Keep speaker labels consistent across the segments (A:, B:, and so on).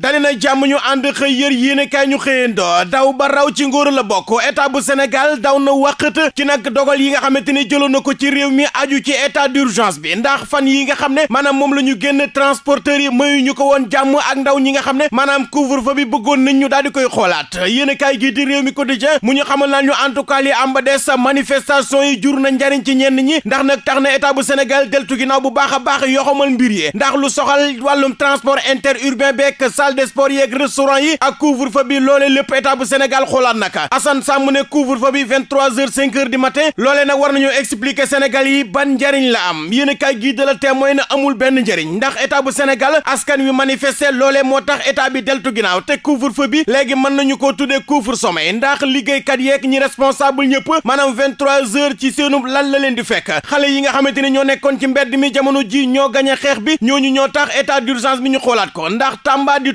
A: dali na jàmm ñu ànd xëy yër yéene kaay ñu xëyeen xëyandoo daw ba raw ci ngóor la bokk état bu Sénégal daw na wàqat ci nag dogal yi nga xamante ni jëloon na ko ci réew mi aju ci état d'urgence bi ndax fan yi nga xam ne maanaam moom la ñu génn transporteurs yi mayu ñu ko woon jàmm ak ndaw ñi nga xam ne maanaam couvre-feu bi bëggoon nañ ñu daal di koy xoolaat yéene kaay gii di réew mi quotidien mu ñu xamal naan ñu en tout cas li am ba des yi jur na njariñ ci ñenn ñi ndax nag tax na état bu Sénégal deltu ginnaaw bu baax a baax yoo xamal mbir ndax lu soxal wàllum transport interurbain beek salle de sport yeeg restaurant yi ak couvre-feu bi loolee lépp état Sénégal xoolaat naka Assane Samb ne couvre-feu bi 23h 5h du matin war nañoo expliquer Sénégal yi ban njariñ la am yéen a kaay gii de la témoin na amul benn njariñ ndax état bu Sénégal askan wi manifester loole moo tax état bi deltu ginnaaw te couvre-feu bi léegi na ñu koo tuddee couvre-sommet ndax liggéey liggéeykat yeeg ñi responsable ñëpp maanaam 23h ci seenub lan la leen di fekk xale yi nga xamante ni ñoo nekkoon ci mbedd mi jamono ji ñoo gañ a bi ñooñu ñoo tax état d'urgence bi ñu xoolaat ko ndax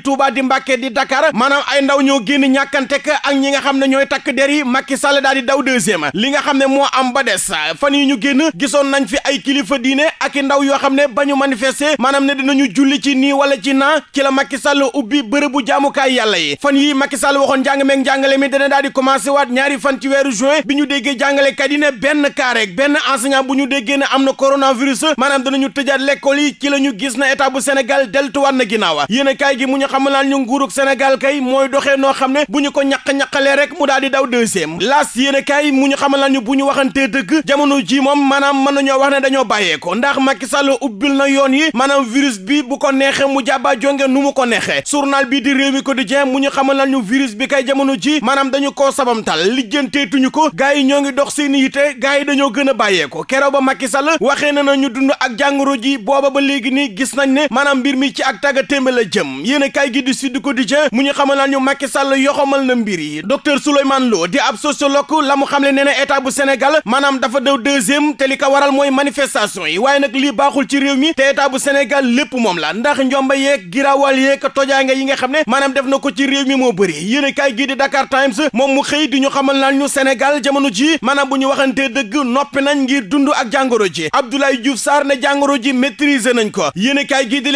A: di Touba di Mbàkke di Dakar maanaam ay ndaw ñoo génn ñàkkantek ak ñi nga xam ne ñooy takk der yi Macky Sall daal di daw deuxième li nga xam ne moo am ba des fan yi ñu génn gisoon nañ fi ay kilifa diine ak i ndaw yoo xam ne ba ñu manifester maanaam ne ñu julli ci nii wala ci naa ci la Macky Sall ubbi bërëbu jaamukaay yàlla yi fan yi Macky Sall waxoon njàng meeg njàngale mi dana daal di commencé waat ñaari fan ci weeru juin bi ñu dégg jàngalekat yi ne benn cas rek benn enseignant bu ñu déggee am na coronavirus maanaam danañu tëjaat l'école yi ci la ñu gis na état bu Sénégal deltuwaat na ginnaaw xamal naan ñu nguurug Sénégal kay mooy doxee noo xam ne bu ñu ko ñaq-ñaqalee rek mu daal di daw deuxième laas yéene kay mu ñu xamal naan ñu bu ñu wax waxantee dëgg jamono ji moom maanaam mën nañoo wax ne dañoo bàyyeeko ndax ma Sall ubbil na yoon yi manaam virus bi bu ko neexee mu jàbba jonge nu mu ko neexee journal bi di réew mi quotidien mu ñu xamal naan ñu virus bi kay jamono ji maanaam dañu koo sabamtal lijjanteetuñu ko gars yi ñoo ngi dox seen yite gars yi dañoo gën a bàyyeeko keroog ba Macky Sall waxee na na ñu dund ak jàngoro ji booba ba léegi nii gis nañ ne maanaam mbir mi ci ak tàgga témbe la jëm yéene ay kaay ko di Sud Quotidien mu ñu xamal ñu Macky Sall yoxamal na mbir yi docteur Souleymane Lo di ab sociologue la mu xamle nee na état bu Sénégal maanaam dafa daw deuxième te waral mooy manifestation yi waaye nag li baaxul ci réew mi te état bu Sénégal lépp moom la ndax njomba yeeg giraawal yeeg tojaanga yi nga xam ne maanaam def na ko ci réew mi moo bëri yéen a kaay gi di moom mu xëy di ñu xamal naan ñu Sénégal jamono ji maanaam bu ñu waxantee dëgg noppi nañ ngir dund ak jàngoro ji Abdoulaye Diouf Sarr ne jàngoro ji maîtriser nañ ko yéen kaay gi di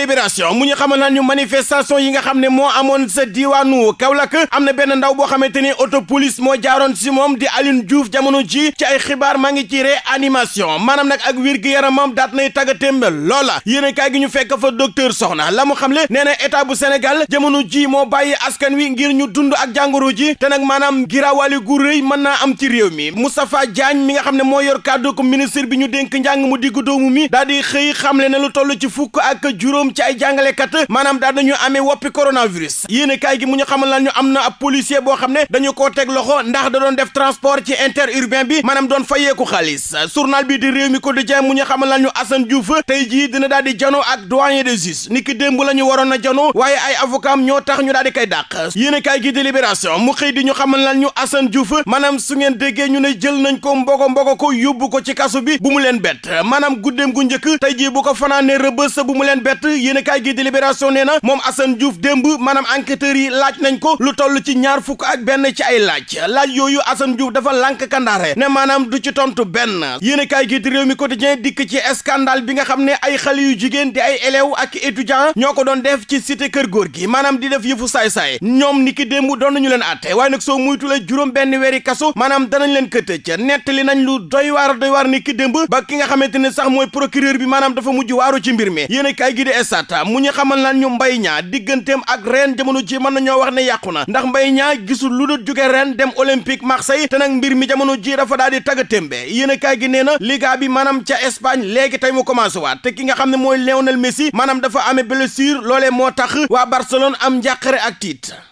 A: mu ñu xamal ñu manifestation yi nga xam ne moo amoon sa diiwaanu Kaolack am na benn ndaw boo xamante ni auto police moo jaaroon si moom di Alioune Diouf jamono ji ci ay xibaar maa ngi ci réanimation maanaam nag ak wér gi yaramam daat nay tagga témbel loola yéen kaay gi ñu fekk fa docteur Soxna la mu le nee na état bu Sénégal jamono ji moo bàyyi askan wi ngir ñu dund ak jàngoro ji te nag maanaam giraawaali gu rëy mën naa am ci réew mi Moustapha Diagne mi nga xam ne moo yor kàddu ko ministre bi ñu dénk njàng mu diggu doomu daal di xëy xamle ne lu toll ci fukk ak juróom ci ay jàngalekat maanaam daal dañu amee wopp noppi coronavirus yéene kaay gi mu ñu xamal lan ñu am na ab policier boo xam ne dañu koo teg loxo ndax da doon def transport ci interurbain bi maanaam doon fayeeku xaalis journal bi di réew mi quotidien mu ñu xamal lan ñu Assane Diouf tey jii dina daal di jano ak doyen de justice ni ki démb la ñu waroon a jano waaye ay avocat ñoo tax ñu daal di koy dàq yéene kaay gi di libération mu xëy di ñu xamal lan ñu Assane Diouf maanaam su ngeen déggee ñu ne jël nañ ko mbogo mbogo ko yóbbu ko ci kasu bi bu mu leen bett maanaam guddeem gu njëkk tey jii bu ko fanaanee rëbës bu mu leen bett yéene kaay gi di libération nee na moom Assane Diouf Diouf démb maanaam enquêteurs yi laaj nañ ko lu toll ci ñaar fukk ak benn ci ay laaj laaj yooyu Assane Diouf dafa lànk kandaare ne maanaam du ci tontu benn yéenekaay gi di réew mi quotidien dikk ci scandale bi nga xam ne ay xale yu jigéen di ay élèves ak étudiants ñoo ko doon def ci cité kër góor gi maanaam di def yëfu saay-saay ñoom ni ki démb doon nañu leen àtte waaye nag soo muytule juróom benn weeri kaso maanaam danañ leen këtëj nettali nañ lu doy waar doy waar ni ki démb ba nga xamante ne sax mooy procureur bi maanaam dafa mujj waaru ci mbir mi yéenekaay gi mu ñu xamal lan ñu mbay ñaa digg digganteem ak ren jamono ji mën nañoo wax ne yàqu na ndax Mbaye ñaa gisul lu dul jóge ren dem olympique Marseille te nag mbir mi jamono ji dafa daal di tagg témbe yéenekaay gi nee na liga bi maanaam ca Espagne léegi tey mu commencé waat te ki nga xam ne mooy Lionel Messi maanaam dafa amee blessure loole moo tax waa Barcelone am njàqare ak tiit